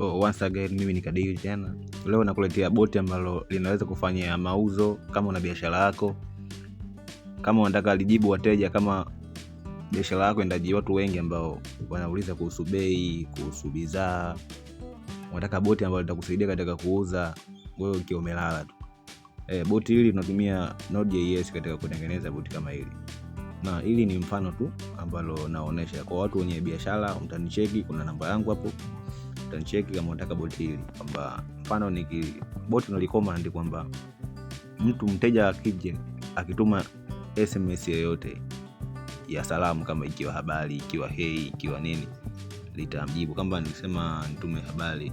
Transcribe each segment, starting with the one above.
oh, once again yaani mimi ni kadiri tena. Leo nakuletea boti ambalo linaweza kufanya mauzo kama una biashara yako, kama unataka lijibu wateja, kama biashara yako watu wengi ambao wanauliza kuhusu bei, kuhusu bidhaa. Unataka boti ambalo litakusaidia katika kuuza wewe ukiwa umelala tu. Eh, boti hili tunatumia Node.js katika kutengeneza boti kama hili na hili ni mfano tu ambalo naonesha kwa watu wenye biashara. Mtanicheki, kuna namba yangu hapo utanicheki kama unataka boti hili, kwamba mfano ni boti nalikomandi kwamba mtu mteja akije akituma SMS yoyote ya salamu kama ikiwa habari, ikiwa hei, ikiwa nini, litamjibu. Kama nilisema nitume habari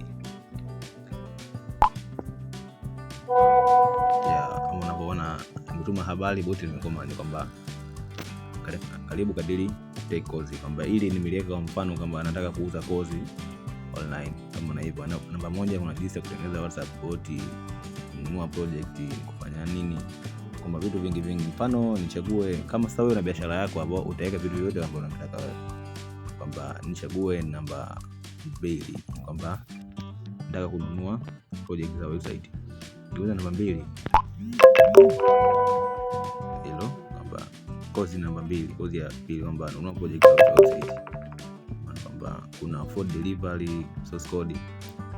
kama unavyoona nimetuma habari, boti nimekomandi kwamba karibu kadiri take kozi, kwamba ili nimeliweka kwa mfano kwamba anataka kuuza kozi online kama na hivyo. Namba moja, kuna jinsi ya kutengeneza WhatsApp bot, kununua project, kufanya nini, kwamba vitu vingi vingi. Mfano nichague kama sasa wewe na biashara yako ambao utaweka vitu vyote ambavyo unataka wewe, kwamba nichague namba mbili, kwamba nataka kununua project za website. Niuza namba mbili hilo, kwamba kozi namba mbili, kozi ya pili, kwamba nunua project za website kwamba kuna afford delivery source code,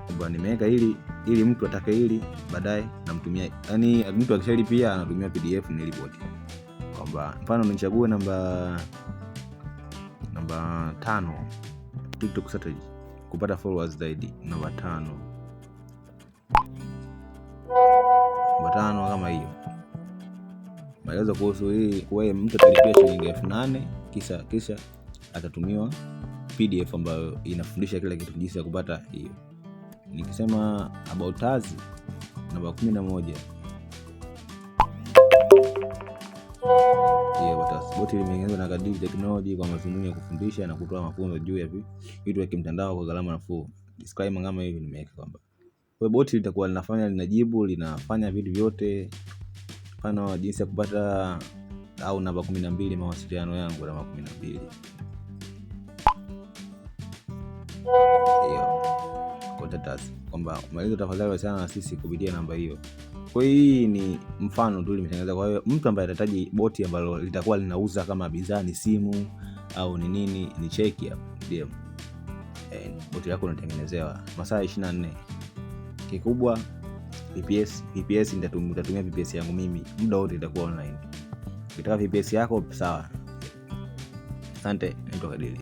kwamba nimeweka hili ili mtu atake hili baadaye namtumia, yani mtu akishalipia anatumia PDF ni kwamba mfano nichague namba namba tano TikTok strategy kupata followers zaidi, namba tano namba tano kama hiyo maelezo kuhusu hii. Wewe mtu atalipia shilingi elfu nane kisha kisha atatumiwa PDF ambayo inafundisha kila kitu jinsi ya kupata hiyo. Nikisema about us namba kumi na moja boti limetengenezwa na Kadiri Technology kwa madhumuni ya kufundisha na kutoa mafunzo juu ya vitu vya kimtandao kwa gharama nafuu. Disclaimer kama hivi nimeweka kwamba kwa boti litakuwa linafanya linajibu linafanya vitu vyote, mfano jinsi ya kupata au namba kumi na mbili mawasiliano yangu, namba kumi na mbili kwamba maelezo tafadhali wasiliana na sisi kupitia namba hiyo. Kwa hiyo hii ni mfano tu limetengenezwa. Kwa hiyo mtu ambaye atahitaji boti ambalo litakuwa linauza kama bidhaa ni simu au ni nini, ni cheki hapo DM. Eh, boti lako unatengenezewa masaa 24. Kikubwa VPS, VPS nitatumia VPS yangu mimi, muda wote itakuwa online. Ukitaka VPS yako sawa. Asante, naitwa Kadili.